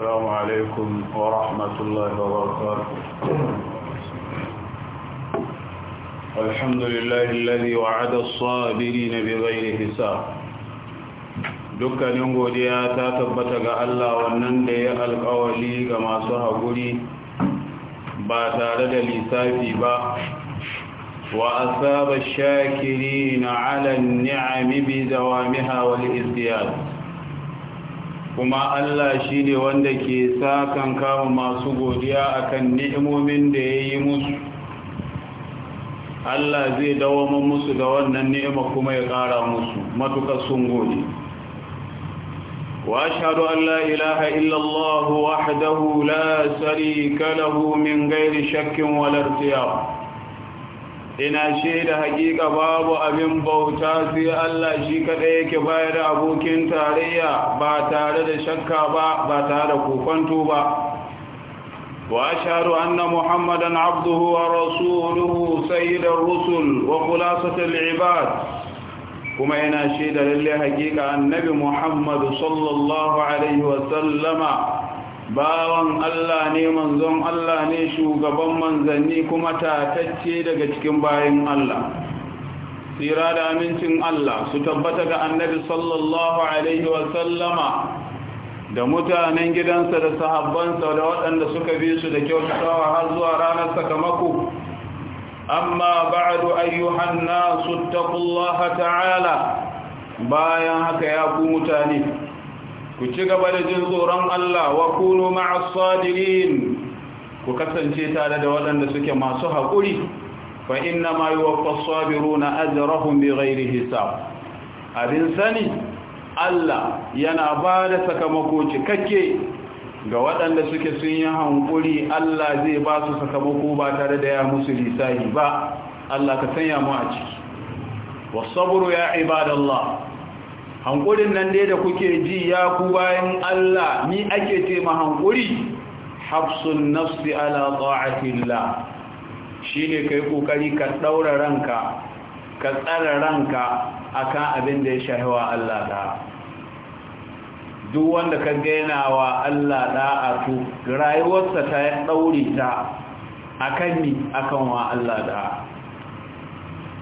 السلام عليكم ورحمة الله وبركاته الحمد لله الذي وعد الصابرين بغير حساب dukkanin godiya ta tabbata ga Allah wannan da ya alƙawali ga masu haƙuri ba tare da lissafi ba wa asaba shakirina ala ni'ami bi dawamiha wal izdiyad kuma Allah shi ne wanda ke sa kan kama masu godiya akan ni'imomin da ya yi musu Allah zai dawoma musu da wannan ni'ima kuma ya ƙara musu matuƙar sun gode وأشهد أن لا Ilaha Illallah الله la لا شريك له من غير شك ina shaida hakika babu abin bauta sai Allah shi kadai yake bayar da abokin tarayya ba tare da shakka ba ba tare da kokonto ba wa ashhadu anna muhammadan abduhu wa rasuluhu sayyidar rusul wa khulasatul ibad kuma ina shaida lallai hakika annabi muhammad sallallahu alaihi wa sallama bawan Allah ne manzon Allah ne shugaban manzanni kuma tatacce daga cikin bayan Allah tsira da amincin Allah su tabbata ga annabi sallallahu alaihi sallama da mutanen gidansa da sahabbansa da waɗanda suka bi su da kyautatawa har zuwa ranar sakamako amma ba'du ayyuhan nasu taqullaha ta'ala bayan haka ya ku mutane ku ci gaba da jin tsoron Allah wa kunu ma'as sadirin ku kasance tare da waɗanda suke masu haƙuri fa inna ma yuwaffas sabiruna ajrahum bighairi hisab abin sani Allah yana ba da sakamako cikakke ga waɗanda suke sun yi hankuri Allah zai ba su sakamako ba tare da ya musu lisani ba Allah ka sanya mu a ciki wasabru ya ibadallah hankurin nan dai da kuke ji ya ku bayan Allah ni ake ce ma hankuri hafsun nafsi ala ta'atillah shine kai kokari ka daura ranka ka tsara ranka akan abin da ya shahiwa Allah da duk wanda ka gaina wa Allah da'a to rayuwarsa ta daure ta akan ni akan wa Allah da.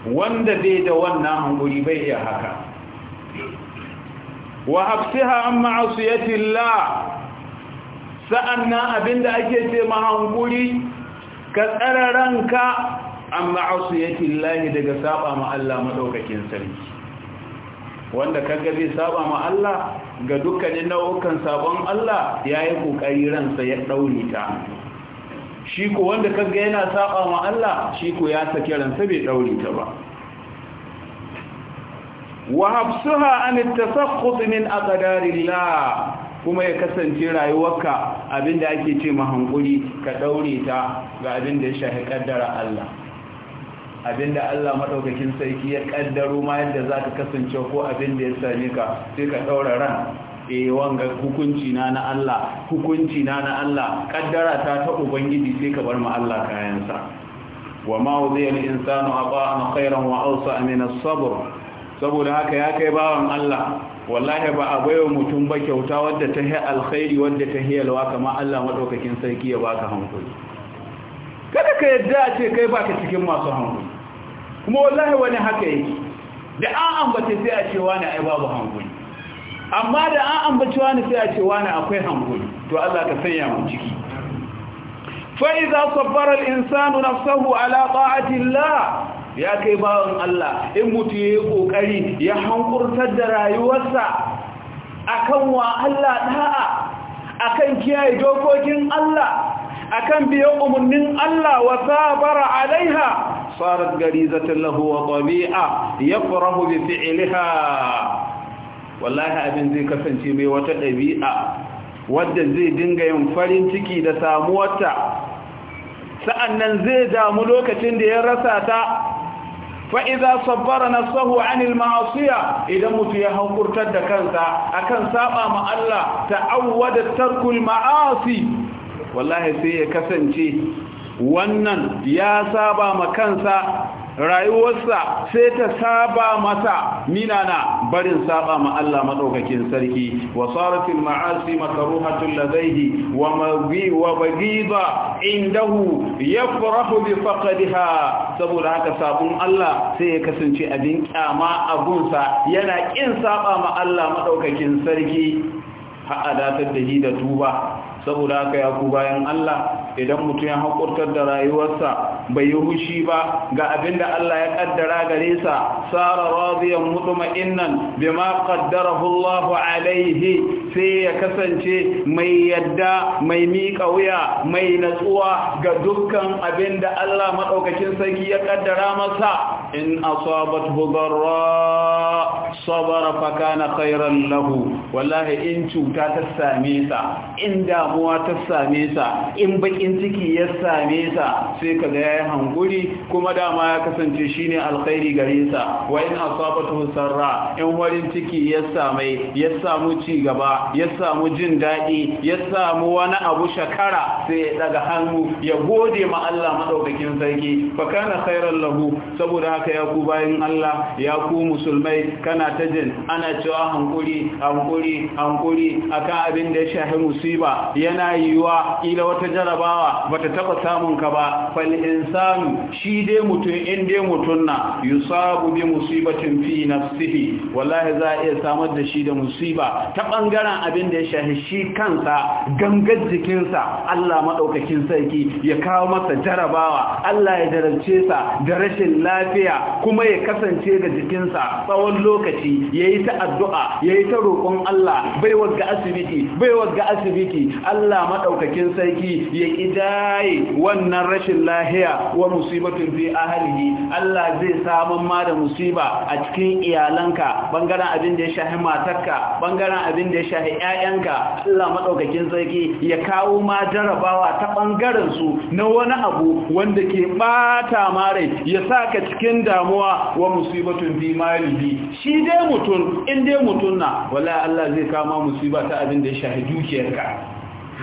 wanda bai da wannan hankuri bai iya haka wa hafsiha an na abin da ake ce ma hankuri ka tsara ranka an ma'asiyatillah daga saba ma Allah madaukakin sarki wanda kaga zai saba ma Allah ga dukkanin nau'ukan sabon Allah yayi kokari ransa ya dauri ta shi ko wanda kaga yana saba ma Allah shi ko ya sake ransa bai dauri ta ba وحبسها عن التسخط من أقدار الله kuma ya kasance rayuwarka ake ce hankuri ka daure ta ga abinda ya shahi kaddara Allah abinda Allah madaukakin sarki ya kaddaro ma yadda zaka kasance ko abinda ya same ka sai ka daura ran eh wanga hukunci na na Allah hukunci na na Allah kaddara ta ta ubangiji sai ka bar ma Allah kayansa wa ma'udhi al-insanu aqa'an khayran wa awsa min as-sabr saboda haka ya kai bawan Allah wallahi ba a baiwa mutum ba kyauta wadda ta hi alkhairi wadda ta hi yalwa kama Allah madaukakin sarki ya baka hankali kada ka yadda a ce kai baka cikin masu hankali kuma wallahi wani haka yake da an ambace sai a ce wani ai babu hankali amma da an ambace wani sai a ce wani akwai hankali to Allah ka sanya mu ciki fa idza sabbara al-insanu nafsahu ala ta'ati Allah ya kai bawan Allah in mutu ya yi ƙoƙari ya hankurtar da rayuwarsa akan wa Allah da'a akan kiyaye dokokin Allah akan biyan umarnin Allah wa sabara alaiha gari zata lahu wa ya yafrahu bi fi'liha wallahi abin zai kasance mai wata ɗabi'a wadda zai dinga yin farin ciki da samuwarta sa'annan zai damu lokacin da ya rasa ta Fa'iza sabbara sabbara nafsahu anil ma'asiya idan mutu ya hankurtar da kansa akan saba ma Allah ta'awwada tarkul ma'asi wallahi sai ya kasance wannan ya saba ma kansa rayuwarsa sai ta saba masa minana barin saba ma Allah madaukakin sarki wa saratil ma'asi makruhatun ladayhi wa mabi wa bagida indahu yafrahu bi faqdiha saboda haka sabon Allah sai ya kasance abin kyama abunsa yana kin saba ma Allah madaukakin sarki Ha'adatar datar da shi da tuba saboda haka ya ku bayan Allah idan mutum ya haƙurtar da rayuwarsa bai yi hushi ba ga abin da Allah ya ƙaddara gare sa sara radiyan mutma'innan bima qaddarahu Allah alaihi sai ya kasance mai yadda mai miƙa wuya mai natsuwa ga dukkan abin da Allah maɗaukacin sarki ya ƙaddara masa in asabat hudarra sabara fa kana khairan lahu wallahi in cuta ta same sa in damuwa ta same sa in baƙin ciki ya same sa sai kaga yayi hanguri kuma dama ya kasance shine alkhairi gare sa wa in asabat hudarra in warin ciki ya same ya samu ci gaba ya samu jin daɗi, ya samu wani abu shakara sai daga hannu ya gode ma Allah madaukakin sarki Faka kana khairan lahu saboda haka. haka ya ku bayan Allah ya ku musulmai kana ta jin ana cewa hankuri hankuri hankuri akan abin da ya shafi musiba yana yiwa ila wata jarabawa bata taba samun ka ba fal insanu shi dai mutum in dai mutum na yusabu bi musibatin fi nafsihi wallahi za a iya samar da shi da musiba ta bangaren abin da ya shafi shi kansa gangar jikinsa Allah madaukakin sarki ya kawo masa jarabawa Allah ya jarabce sa da rashin lafiya lafiya kuma ya kasance ga jikinsa tsawon lokaci ya yi ta addu'a ya yi ta roƙon Allah bai wagga asibiti bai wagga asibiti Allah maɗaukakin sarki ya ƙi daye wannan rashin lahiya wa musibatun fi ahalihi Allah zai samun ma da musiba a cikin iyalanka bangaren abin da ya shahi matarka bangaren abin da ya shahi 'yayanka Allah maɗaukakin sarki ya kawo ma jarabawa ta bangaren su na wani abu wanda ke ɓata mare ya ya saka cikin cikin damuwa wa musibatun bi malihi shi dai mutun in dai mutun na wallahi Allah zai kama musiba ta abin da ya shahi dukiyarka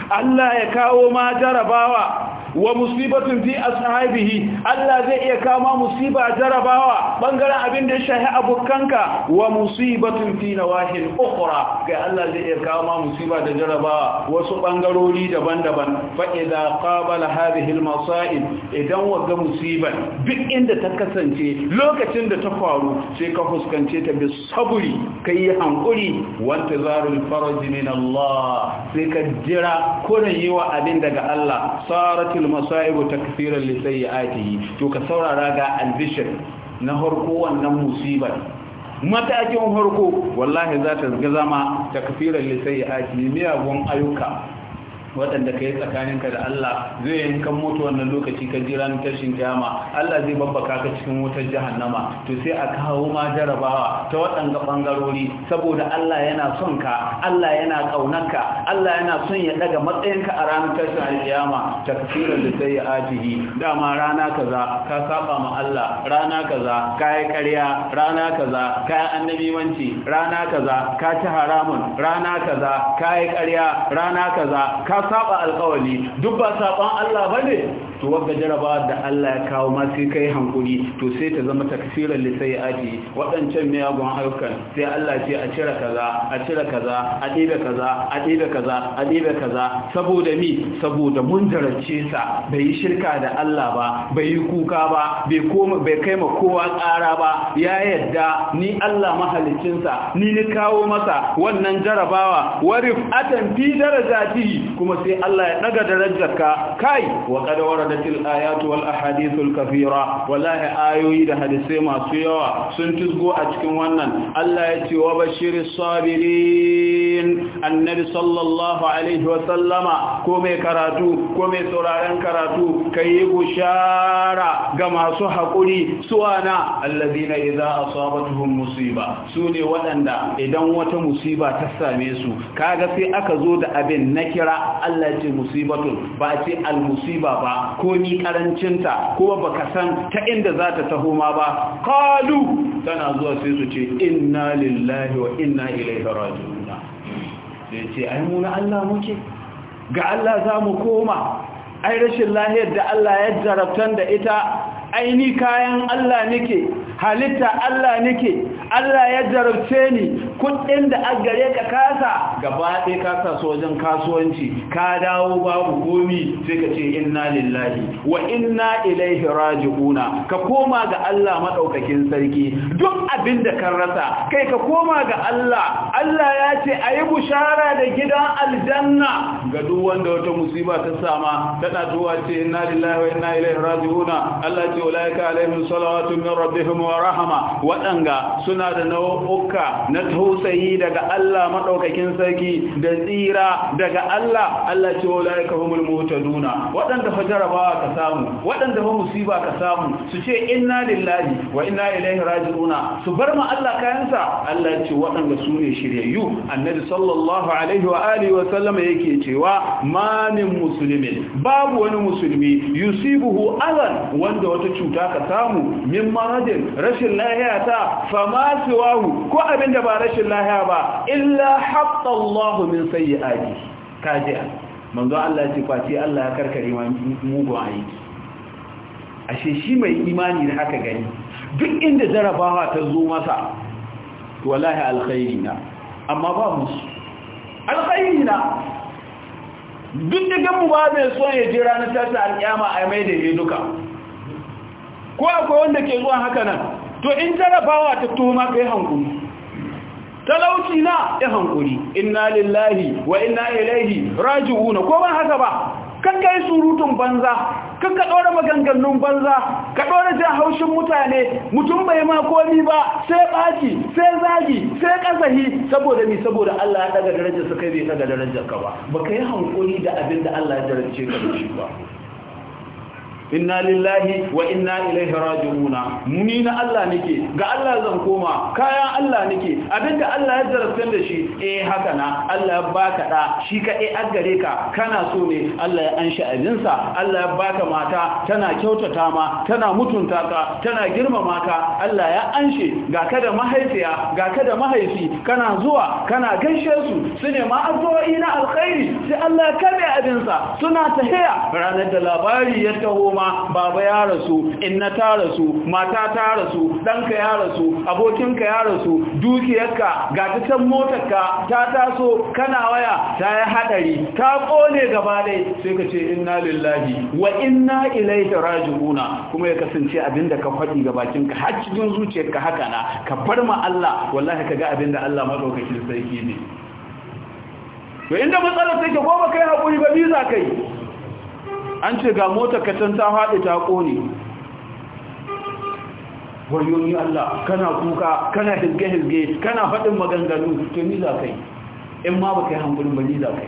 Allah ya kawo ma jarabawa wa musibatun fi ashabihi Allah zai iya kama musiba jarabawa bangaren abin da ya shahi abokanka wa musibatun fi nawahil ukhra ga Allah zai iya kama musiba da jarabawa wasu bangarori daban-daban fa idza qabala hadhihi al masa'ib idan waga musiban duk inda ta kasance lokacin da ta faru sai ka fuskance ta bi saburi kai hankuri wanta zarul faraj min Allah sai ka jira kuren yi wa abin daga Allah Saratu. atil masaibu takfiran li sayyi'atihi to ka saurara ga albishir na harko wannan musibar matakin harko wallahi za ta zama takfiran li sayyi'atihi miyagun ayyuka waɗanda ka yi tsakaninka da Allah zai yi kan mutu wannan lokaci ka jira ni tashin kiyama Allah zai babbaka ka cikin wutar jahannama to sai a kawo ma jarabawa ta waɗanda ɓangarori. saboda Allah yana son ka Allah yana ƙaunarka Allah yana son ya daga matsayinka a ranar tashin kiyama takfiran da sai ya ajihi dama rana kaza ka saba ma Allah rana kaza ka yi ƙarya rana kaza kai annabiwanci rana kaza ka ci haramun rana kaza ka yi ƙarya rana kaza ka saba alkawali duk ba saban Allah ba ne to wanda jaraba da Allah ya kawo ma sai kai hankuri to sai ta zama takfiran lisai aji waɗancan miyagun ayyukan sai Allah ce a cire kaza a cire kaza a dibe kaza a dibe kaza a dibe kaza saboda mi saboda mun jarabce sa bai yi shirka da Allah ba bai yi kuka ba bai koma bai kai ma kowa tsara ba ya yadda ni Allah mahalicinsa ni ni kawo masa wannan jarabawa warif atan fi darajatihi kuma kuma sai Allah ya daga darajarka kai wa qad waradatil ayatu wal ahadithul kafira wallahi ayoyi da hadisai masu yawa sun tusgo a cikin wannan Allah ya ce wa bashiris sabirin annabi sallallahu alaihi wa sallama ko mai karatu ko mai sauraron karatu kai bushara ga masu hakuri suwana allazina idza asabatuhum musiba sune waɗanda idan wata musiba ta same su kaga sai aka zo da abin na kira Allah ce musibatun ba ce almusiba ba ko ni karancinta ko ka san ta inda za ta taho ma ba Kalu tana zuwa sai su ce inna lillahi wa inna ilaihi raji'un sai ce ai mu na Allah muke ga Allah za mu koma ai rashin lahiyar da Allah ya jarabtan da ita aini kayan Allah nake halitta Allah nake Allah ya jarabce ni kudin da a ka kasa gaba ɗaya kasa su wajen kasuwanci ka dawo babu gomi sai ka ce inna lillahi wa inna ilaihi raji'una ka koma ga Allah madaukakin sarki duk abin da kan rasa kai ka koma ga Allah Allah ya ce ayi bushara da gidan aljanna ga duk wanda wata musiba ta sama tana zuwa ce inna lillahi wa inna ilaihi raji'una Allah ce ulaika alaihim salawatu min rabbihim wa rahama waɗanga suna da nau'uka na tausayi daga Allah maɗaukakin sarki da tsira daga Allah Allah ce wa la'ika humul nuna. waɗanda fa jarabawa ka samu waɗanda fa musiba ka samu su ce inna lillahi wa inna ilaihi raji'una su bar ma Allah kayansa Allah ce waɗanda su ne shiryayyu annabi sallallahu alaihi wa alihi wa sallama yake cewa ma min muslimin babu wani musulmi yusibuhu alan wanda wata cuta ka samu min maradin rashin lahiya ta fama siwahu ko abin da ba rashin lahiya ba illa hatta Allah min sayyi'ati kajiya manzo Allah ce kwace Allah ya karkare mugun aiki ashe shi mai imani da haka gani duk inda jarabawa ta zo masa wallahi alkhairi na amma ba musu alkhairi na duk da gamu ba mai son ya jira na tashin alƙiyama a mai da ya duka ko akwai wanda ke zuwa haka nan to in jarabawa ta tuma kai hankuri talauci na ya hankuri inna lillahi wa inna ilaihi raji'un ko ban haka ba kan kai surutun banza kan ka dora maganganun banza ka dora jin haushin mutane mutum bai ma komi ba sai baki sai zagi sai kasahi saboda ni saboda Allah ya daga darajar sa kai bai daga darajar ka ba baka yi hankuri da abin da Allah ya darace ka da ba inna lillahi wa inna ilaihi raji'una muni na Allah nake ga Allah zan koma kayan Allah nake abinda Allah ya zarafin da shi eh haka na Allah ya baka da shi ka eh gare ka kana so ne Allah ya anshi abinsa Allah ya baka mata tana kyautata ma tana mutunta ka tana girmama ka Allah ya anshe ga ka da mahaifiya ga ka da mahaifi kana zuwa kana gaishe su su ne ma azwa'ina na alkhairi sai Allah ya kabe abinsa suna tahiya ranar da labari ya taho kuma baba ya rasu inna ta rasu mata ta rasu ɗanka ya rasu abokinka ya rasu dukiyarka ga ta motar motarka ta taso kana waya ta yi haɗari ta kone gaba dai sai ka ce inna lillahi wa inna ilaihi raji'una kuma ya kasance abinda ka faɗi ga bakinka har cikin zuciyarka haka na ka bar ma Allah wallahi ka ga abinda Allah madaukakin sarki ne to inda matsalar take ko ba kai hakuri ba biza kai an ce ga mota katan ta haɗe ta ƙone wayoyi Allah kana kuka kana hirge-hirge kana faɗin maganganu to niza kai in ma ba kai hankulin ba za kai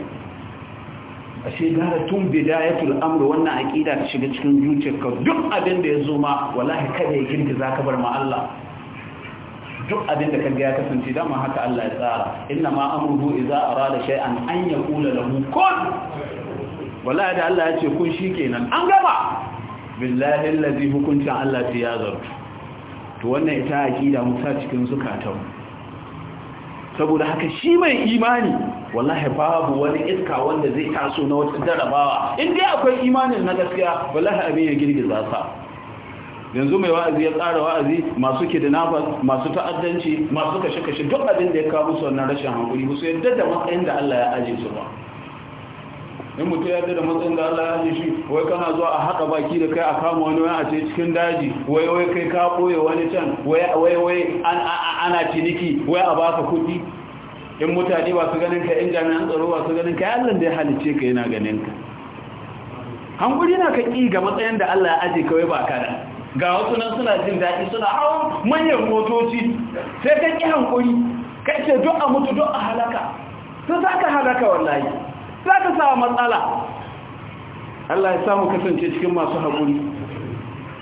ashe gara tun bidayatul amr wannan aqida ta shiga cikin zuciyarka duk abin da ya zo ma wallahi kada ya za ka bar ma Allah duk abin da kaga ya kasance dama haka Allah ya tsara inna ma za a arada shai an yaqula da kun wallahi da Allah ya ce kun shi kenan an gaba billahi allazi hukuncin Allah sai ya zartu to wannan ita aqida musa cikin zukatan saboda haka shi mai imani wallahi babu wani iska wanda zai taso na wata darabawa in dai akwai imanin na gaskiya wallahi abin ya girgiza sa yanzu mai wa'azi ya tsara wa'azi masu kidnappers masu ta'addanci masu kashe-kashe duk abin da ya kawo musu wannan rashin hankuli musu yadda da matsayin da Allah ya aje su ba in mutu ya da matsayin da Allah ya haɗe shi wai kana zuwa a haka baki da kai a kama wani wani a ce cikin daji wai wai kai ka ɓoye wani can wai wai ana ciniki wai a baka kuɗi in mutane ba su ganin ka in jami'an tsaro ba su ganin ka ya da ya halice ka yana ganin ka hankuri na ka ƙi ga matsayin da Allah ya aje kawai ba da. ga wasu nan suna jin daɗi suna hawan manyan motoci sai ka ƙi hankuri kai ce duk a mutu duk a halaka sun za ka halaka wallahi za ka samu matsala Allah ya samu kasance cikin masu haƙuri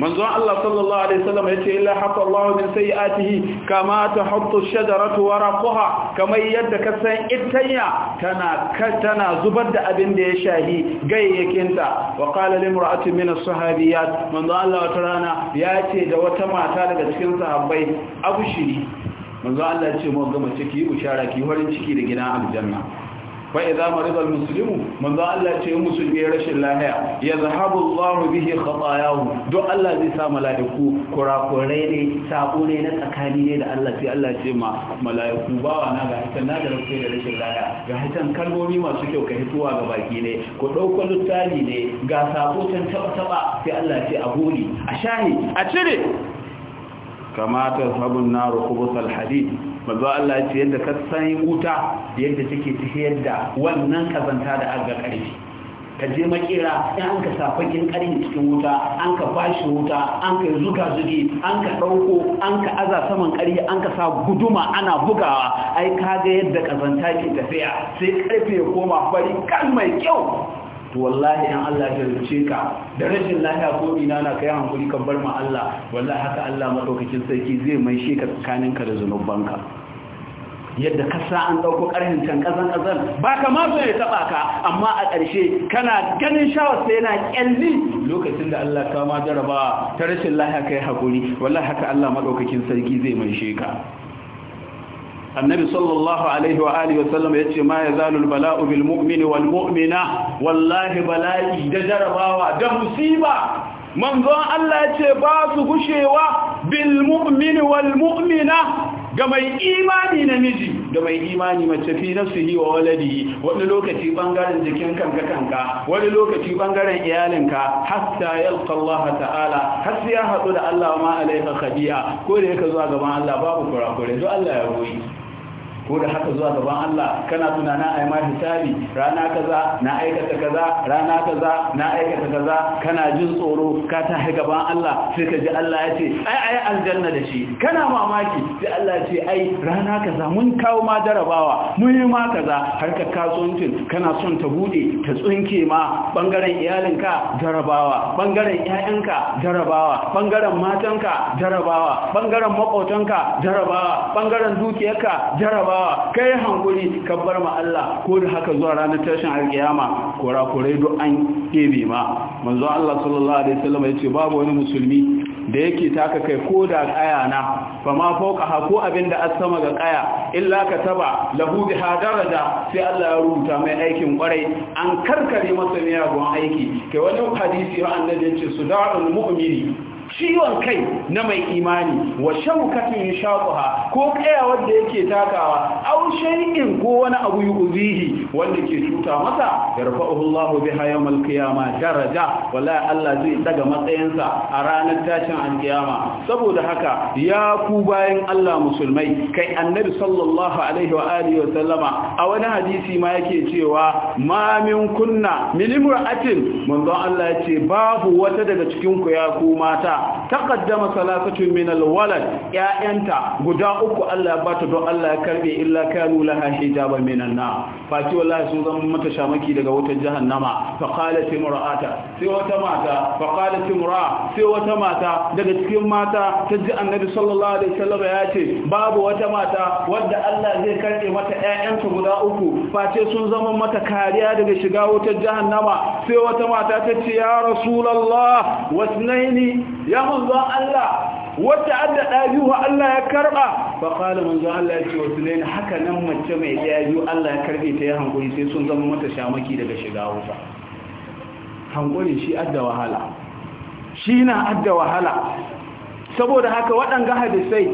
manzon Allah sallallahu alaihi wasallam yace illa haqa Allah min sayiatihi kama tahattu shajaratu waraquha kamar yadda ka san itanya tana tana zubar da abin da ya shahi gayyakinta wa qala li min as-sahabiyat Allah wata rana yace da wata mata daga cikin sahabbai abushiri manzon Allah ya ce mu ga mace ki bushara ki farin ciki da gidan aljanna fa idza marida almuslimu manzo Allah ce musulmi rashin lahiya zahabu Allahu bihi khatayahu don Allah zai sa malaiku kurakurai ne sabo ne na tsakani ne da Allah sai Allah ce ma malaiku bawa na ga hitan na da rufe da rashin lahiya ga hitan kalmomi masu kyau ka hituwa ga baki ne ku dauko littafi ne ga sabo can taba taba sai Allah ce a buri a shahi a cire kama ta sabon na rukubus alhadi mazu Allah ce yadda ka san wuta yadda take tafiyar da wannan kazanta da aga ƙarfi ka je makera in an ka safakin ƙarfi cikin wuta an ka bashi wuta an ka zuga zugi an ka ɗauko an ka aza saman ƙarfi an ka sa guduma ana bugawa ai ka ga yadda kazanta ke tafiya sai ƙarfe ya koma fari kan mai kyau to wallahi in Allah ya rubuce ka da rashin lafiya ko ina na kai hankuri kan bar ma Allah wallahi haka Allah madaukakin sarki zai mai ka tsakanin ka da zanubanka yadda ka sa an dauko karhin can kazan kazan ba ka ma zai ya taba ka amma a ƙarshe kana ganin shawar sai yana kyalli lokacin da Allah ka ma jaraba ta rashin lafiya kai hakuri wallahi haka Allah madaukakin sarki zai mai sheka. ka annabi sallallahu alaihi wa alihi wasallam ya ce ma ya zalul bala'u bil mu'mini wal mu'mina wallahi bala'i da jarabawa da musiba manzon Allah ya ce ba su gushewa bil mu'mini wal mu'mina ga mai imani namiji da mai imani mace fi nafsihi wa waladihi wani lokaci bangaren jikin kanka kanka wani lokaci bangaren iyalinka hatta yalqa Allah ta'ala har sai ya hadu da Allah ma alaiha khadi'a ko da yake zuwa gaban Allah babu kurakure to Allah ya goyi. ko da haka zuwa gaban Allah kana tunana yi ma hisabi rana kaza na aikata kaza rana kaza na aikata kaza kana jin tsoro ka ta gaban Allah sai ka ji Allah ya ce ai ai aljanna da shi kana mamaki sai Allah ya ce ai rana kaza mun kawo ma jarabawa mun yi ma kaza har ka kasuwancin kana son ta bude ta tsinke ma bangaren iyalinka jarabawa bangaren ƴaƴanka jarabawa bangaren matanka jarabawa bangaren makotanka jarabawa bangaren dukiyarka jarabawa bawa kai hankuri ka bar ma Allah ko da haka zuwa ranar tashin alkiyama kurakurai duk an kebe ma manzo Allah sallallahu alaihi wasallam yace babu wani musulmi da yake taka kai ko da kaya na fa ma fauka ha ko abinda an sama ga kaya illa ka taba lahu bi hadaraja sai Allah ya rubuta mai aikin kwarai an karkare masa gon aiki kai wani hadisi ya annabi yace sudarul mu'mini ciwon kai na mai imani wa shaukatin shaquha ko kaya wanda yake takawa aw shay'in ko wani abu yuzihi wanda ke cuta masa yarfa'uhu Allahu biha yawmal qiyamah daraja Wala Allah zai daga matsayinsa a ranar tashin alkiyama saboda haka ya ku bayan Allah musulmai kai annabi sallallahu alaihi wa alihi wa sallama a wani hadisi ma yake cewa ma min kunna min imra'atin manzo Allah ya ce babu wata daga cikin ku ya ku mata taqaddama salasatu min alwalad ya'yanta guda uku Allah ya bata don Allah ya karbe illa kanu laha hijaban minan nar fati wallahi sun zama mata shamaki daga wutar jahannama fa qalat imra'ata sai wata mata fa qalat imra'a sai wata mata daga cikin mata ta ji annabi sallallahu alaihi wasallam ya ce babu wata mata wadda Allah zai karbe mata ƴaƴanta guda uku Fati sun zama mata kariya daga shiga wutar jahannama sai wata mata ta ce ya rasulallah wasnaini ya manzo Allah wata adda ɗaju wa Allah ya karɓa fa kala manzo Allah ya ce wasnaini haka nan mace mai ɗaju Allah ya karbe ta ya hankuri sai sun zama mata shamaki daga shiga wuta hankuri shi adda wahala shi na adda wahala saboda haka waɗanga hadisai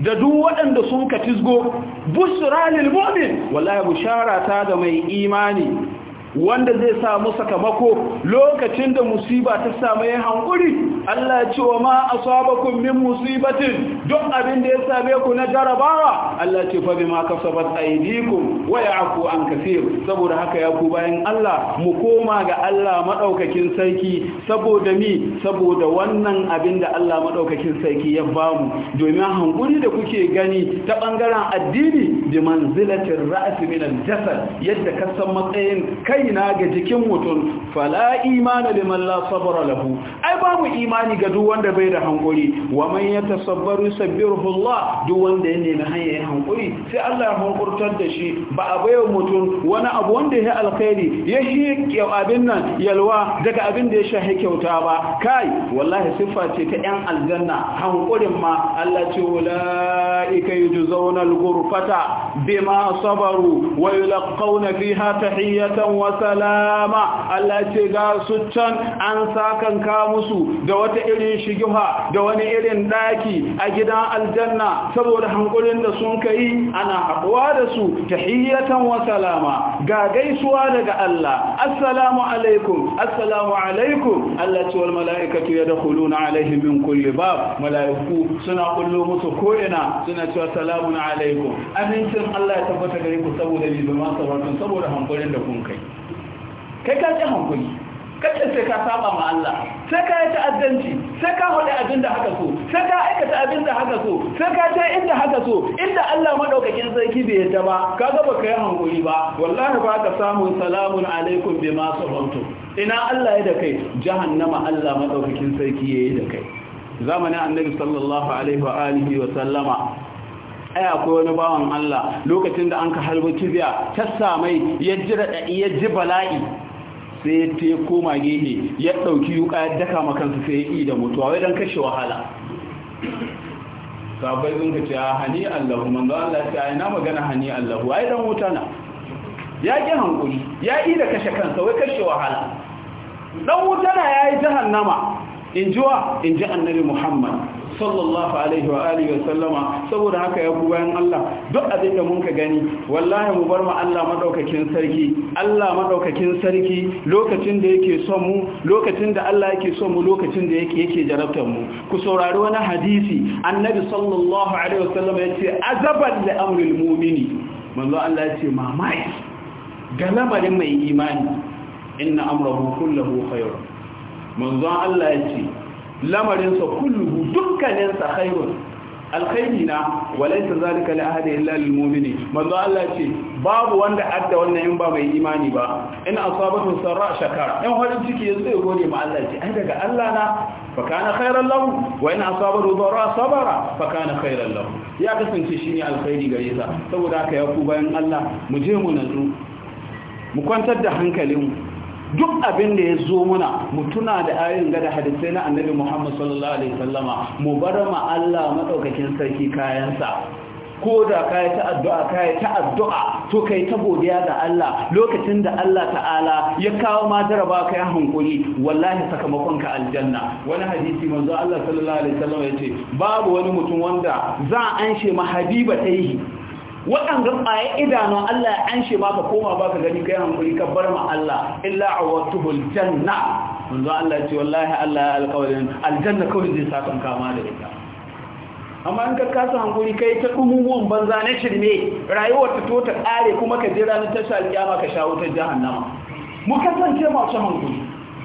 da duk waɗanda sun ka tisgo busra lil mu'min wallahi bushara ta da mai imani wanda zai samu sakamako lokacin da musiba ta samu ya hankuri Allah ya ce wa ma asabakum min musibatin duk abin da ya same ku na jarabawa Allah ya ce fa bima kasabat aydikum wa ya'fu an kaseer saboda haka ya ku bayan Allah mu koma ga Allah madaukakin sarki saboda mi saboda wannan abin da Allah madaukakin sarki ya bamu domin hankuri da kuke gani ta bangaren addini bi manzilatir ra'si min al-jasad yadda kasan matsayin kai kaina ga jikin mutum fala imani liman la sabra lahu ai babu imani ga duk wanda bai da hankuri wa man yatasabbaru sabbiruhu Allah duk wanda ya nemi hanyar hankuri sai Allah ya hankurtar da shi ba a baiwa mutum wani abu wanda ya alkhairi ya shi abin nan yalwa daga abin da ya shahi kyauta ba kai wallahi siffa ce ta yan aljanna hankurin ma Allah ce ulaika yujzauna al-ghurfata bima sabaru wa yulqauna fiha tahiyatan wa wa salama Allah ce ga su can an sakanka musu da wata irin shigiha da wani irin daki a gidan aljanna saboda hankulin da sun kai ana haɗuwa da su tahiyatan wa salama ga gaisuwa daga Allah assalamu alaikum assalamu alaikum Allah ce wal mala'ikatu yadkhuluna alaihim min kulli bab mala'iku suna kullu musu ko ina suna cewa salamun alaikum amincin Allah ya tabbata gare ku saboda bi saboda hankulin da kun kai kai ka ji hankali kace sai ka saba ma Allah sai ka yi ta'addanci sai ka hada abin da haka so sai ka aikata abin da haka so sai ka ce inda haka so inda Allah maɗaukakin sarki bai yadda ba Ka kaga baka yi hankali ba wallahi ba ka samu salamun alaikum bima sabantu ina Allah ya da kai jahannama Allah madaukakin sarki yayi da kai zamanin annabi sallallahu alaihi wa alihi wa sallama ai akwai wani bawan Allah lokacin da an ka halbo kibiya ta samai ya ji ji bala'i sai ta koma gehe ya ɗauki yuka ya daka makansa sai ya yi da mutuwa wai don kashe wahala sabai sun kace a hani allahu manzo allah ta na magana hani allahu yi ɗan wuta na ya ƙi hankuri ya yi da kashe kansa wai kashe wahala ɗan wuta na ya yi jahannama in jiwa in ji annabi muhammad sallallahu alaihi wa alihi wa sallama saboda haka ya ku bayan Allah duk abin da mun ka gani wallahi mu bar mu Allah madaukakin sarki Allah madaukakin sarki lokacin da yake son mu lokacin da Allah yake son mu lokacin da yake yake jarabtar mu ku saurari wani hadisi annabi sallallahu alaihi wa sallama yace azaban li amril mu'mini manzo Allah yace mamaki ga lamarin mai imani inna amrahu kulluhu khairun manzo Allah yace lamarinsa kullum dukkaninsa khairun alkhairi na walaita zalika li ahadin illa lil mu'mini manzo Allah ce babu wanda adda wannan in ba mai imani ba in asabatu sarra shakara in horin ciki yanzu ya gode ma Allah ce ai daga Allah na fa kana khairan lahu wa in asabahu dharra sabara fa kana khairan lahu ya kasance shine alkhairi gare sa saboda haka ya ku bayan Allah mu je mu nazu, mu kwantar da hankalinmu duk abin da ya zo muna mutuna da ayin gada hadisai na annabi Muhammad sallallahu alaihi wasallama mu bara ma Allah madaukakin sarki kayansa ko da kai ta addu'a kai ta addu'a to kai ta godiya ga Allah lokacin da Allah ta'ala ya kawo ma daraba kai hankuri wallahi sakamakon ka aljanna wani hadisi manzo Allah sallallahu alaihi wasallama yace babu wani mutum wanda za an shema ma habiba tayi waɗanda ƙwaye idanu Allah ya an shi maka koma ba ka gani kai hankuli ka bar ma Allah illa a wata huljanna Wanzu Allah ce wallahi Allah ya alƙawarin aljanna kawai zai sa kan kama da ita amma in ka kasa hankuli kai ta ɗumumuwan banza na shirme rayuwar ta to ta ƙare kuma ka je na tasha alƙyama ka sha wutar jahannama mu kasance masu hankuli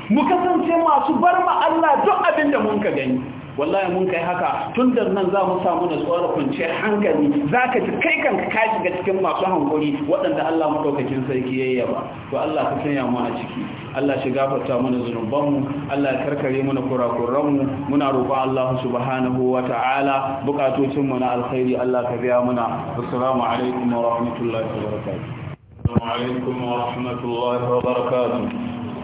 mu kasance masu bar ma Allah duk abin da mun ka gani wallahi mun kai haka tun da nan za mu samu da tsoron kwanciyar hankali za ka ji kai kanka ka shiga cikin masu hankali waɗanda Allah maɗaukakin sarki ya yi ba to Allah ka sanya mu a ciki Allah shi gafarta mana zunubanmu Allah ya karkare mana kurakuranmu muna roƙon Allah subhanahu wa ta'ala bukatocinmu na alkhairi Allah ka biya mana assalamu alaikum wa rahmatullahi wa barakatuh assalamu alaikum wa rahmatullahi wa barakatuh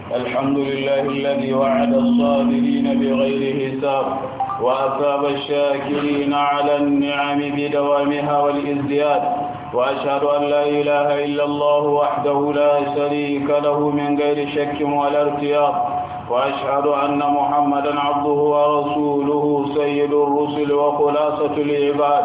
الحمد لله الذي وعد الصابرين بغير حساب وأثاب الشاكرين على النعم بدوامها والإزدياد وأشهد أن لا إله إلا الله وحده لا شريك له من غير شك ولا ارتياض وأشهد أن محمدا عبده ورسوله سيد الرسل وخلاصة العباد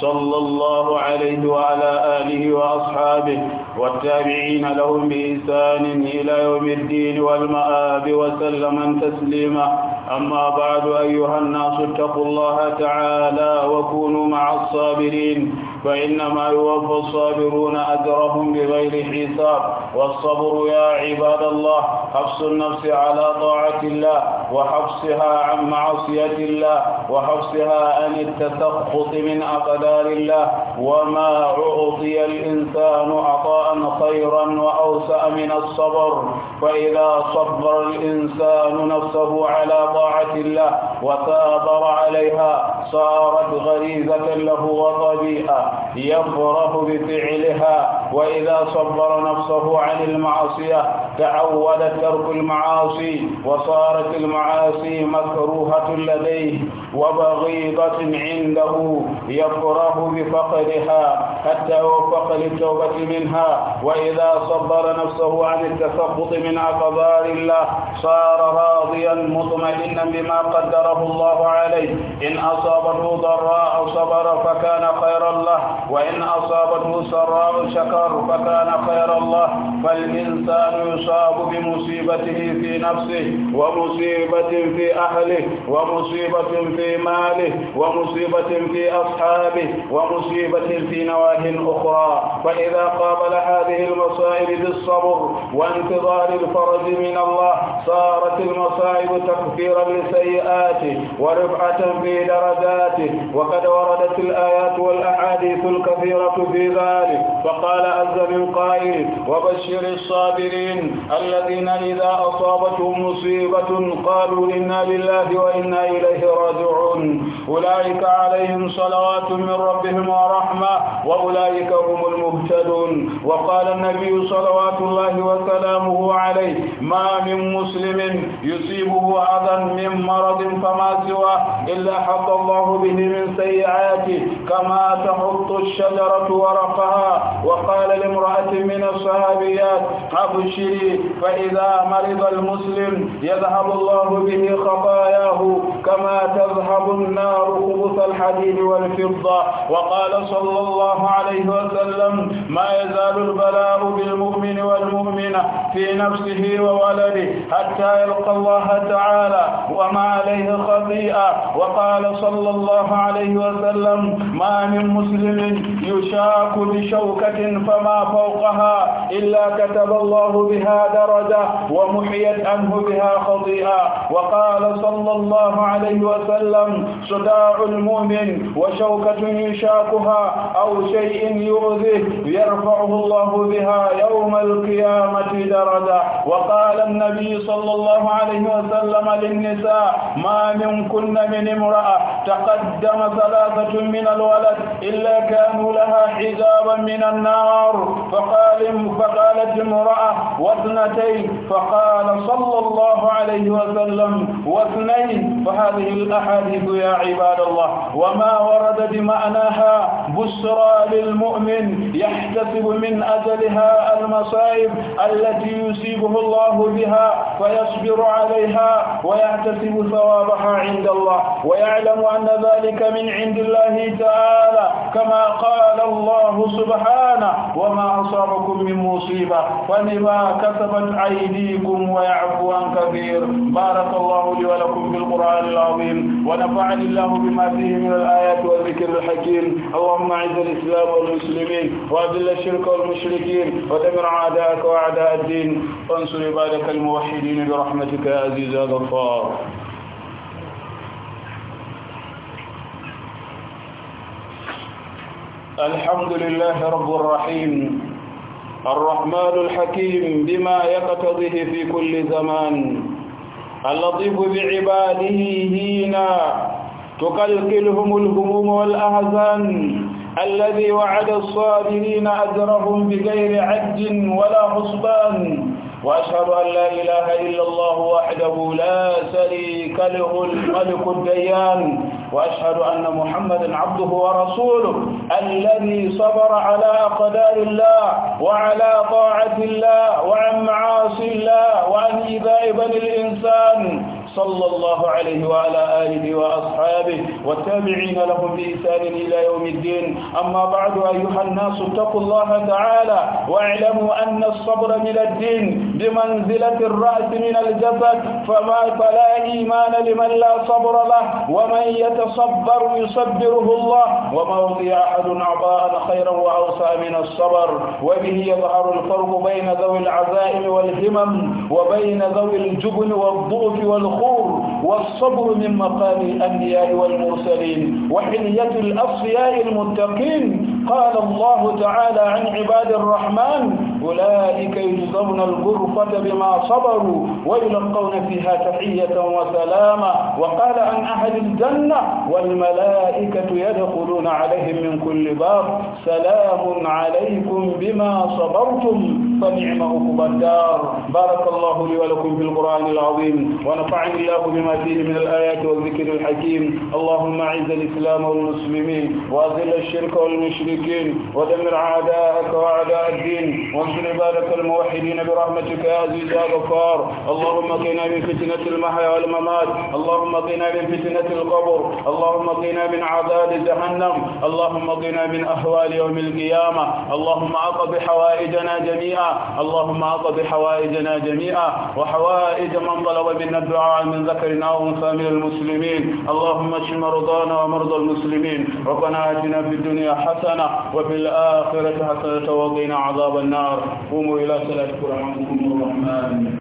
صلى الله عليه وعلى آله وأصحابه والتابعين لهم بإحسان إلى يوم الدين والمآب وسلم تسليما أما بعد أيها الناس اتقوا الله تعالى وكونوا مع الصابرين فإنما يوفى الصابرون أجرهم بغير حساب والصبر يا عباد الله حفظ النفس على طاعة الله وحفظها عن معصية الله وحفظها عن التسخط من أقدار الله وما أعطي الإنسان عطاء خيرا وأوسع من الصبر فإذا صبر الإنسان نفسه على طاعة الله وثابر عليها صارت غريزة له وطبيعة يفرح بفعلها وإذا صبر نفسه عن المعصية تعود ترك المعاصي وصارت المعاصي مكروهة لديه وبغيضة عنده يفرح بفقدها حتى وفق للتوبة منها وإذا صبر نفسه عن التسخط من أقدار الله صار راضيا مطمئنا بما قدره الله عليه إن أصابته ضراء صبر فكان خيرا له وإن أصابته سراء شكر فكان خيرا له فالإنسان يصاب بمصيبته في نفسه ومصيبة في أهله ومصيبة في ماله ومصيبة في أصحابه ومصيبة في نواه أخرى فإذا قابل هذه هذه المصائب بالصبر وانتظار الفرج من الله صارت المصائب تكفيرا لسيئاته ورفعة في درجاته وقد وردت الآيات والأحاديث الكثيرة في ذلك فقال عز من قائل وبشر الصابرين الذين إذا أصابتهم مصيبة قالوا إنا لله وإنا إليه راجعون أولئك عليهم صلوات من ربهم ورحمة وأولئك هم المهتدون وقال قال النبي صلوات الله وسلامه عليه ما من مسلم يصيبه أذى من مرض فما سوى إلا حط الله به من سيئاته كما تحط الشجرة ورقها وقال لامرأة من الصحابيات أبشري فإذا مرض المسلم يذهب الله به خطاياه كما تذهب النار خبث الحديد والفضة وقال صلى الله عليه وسلم ما يزال الباب البلاء بالمؤمن والمؤمنة في نفسه وولده حتى يلقى الله تعالى وما عليه خطيئة وقال صلى الله عليه وسلم ما من مسلم يشاك بشوكة فما فوقها إلا كتب الله بها درجة ومحيت عنه بها خطيئة وقال صلى الله عليه وسلم صداع المؤمن وشوكة يشاكها أو شيء يؤذيه يرفعه الله بها يوم القيامة درجة وقال النبي صلى الله عليه وسلم للنساء ما منكن من امرأة تقدم ثلاثة من الولد إلا كانوا لها حجابا من النار فقال فقالت امرأة واثنتين فقال صلى الله عليه وسلم واثنين فهذه الأحاديث يا عباد الله وما ورد بمعناها بشرى للمؤمن يحتسب من أجل بها المصائب التي يصيبه الله بها فيصبر عليها ويحتسب ثوابها عند الله ويعلم أن ذلك من عند الله تعالى كما قال الله سبحانه سبحانه وما أصابكم من مصيبة فلما كسبت أيديكم ويعفو عن كثير بارك الله لي ولكم في القرآن العظيم ونفعني الله بما فيه من الآيات والذكر الحكيم اللهم أعز الإسلام والمسلمين وأذل الشرك والمشركين ودمر أعداءك وأعداء الدين وانصر عبادك الموحدين برحمتك يا عزيز يا غفار الحمد لله رب الرحيم الرحمن الحكيم بما يقتضيه في كل زمان اللطيف بعباده هينا تقلقلهم الهموم والأحزان الذي وعد الصابرين أجرهم بغير عد ولا حسبان وأشهد أن لا إله إلا الله وحده لا شريك له الملك الديان وأشهد أن محمدا عبده ورسوله الذي صبر على أقدار الله وعلى طاعة الله وعن معاصي الله وعن إيذاء بني الإنسان صلى الله عليه وعلى آله وأصحابه والتابعين لهم بإحسان إلى يوم الدين أما بعد أيها الناس اتقوا الله تعالى واعلموا أن الصبر من الدين بمنزلة الرأس من الجسد فما فلا إيمان لمن لا صبر له ومن يتصبر يصبره الله وما وضي أحد أعضاء خيرا وأوسى من الصبر وبه يظهر الفرق بين ذوي العزائم والهمم وبين ذوي الجبن والضعف والخوف الغفور والصبر من مقام الأنبياء والمرسلين وحلية الأصفياء المتقين قال الله تعالى عن عباد الرحمن أولئك يجزون الغرفة بما صبروا ويلقون فيها تحية وسلاما وقال عن أهل الجنة والملائكة يدخلون عليهم من كل باب سلام عليكم بما صبرتم فنعم عقبى الدار بارك الله لي ولكم في القرآن العظيم ونفعني الله بما لما فيه من الآيات والذكر الحكيم اللهم أعز الإسلام والمسلمين وأذل الشرك والمشركين ودمر عداءك وعداء الدين وانصر عبادك الموحدين برحمتك يا عزيز يا غفار اللهم قنا من فتنة المحيا والممات اللهم قنا من فتنة القبر اللهم قنا من عذاب جهنم اللهم قنا من أهوال يوم القيامة اللهم أقض حوائجنا جميعا اللهم أقض حوائجنا جميعا وحوائج من طلب منا الدعاء من ذكر وإنهم فمن المسلمين اللهم اشف مرضانا ومرضى المسلمين ربنا آتنا في الدنيا حسنة وفي الآخرة حسنة وقنا عذاب النار قوموا إلى صلاتكم رحمكم الرحمن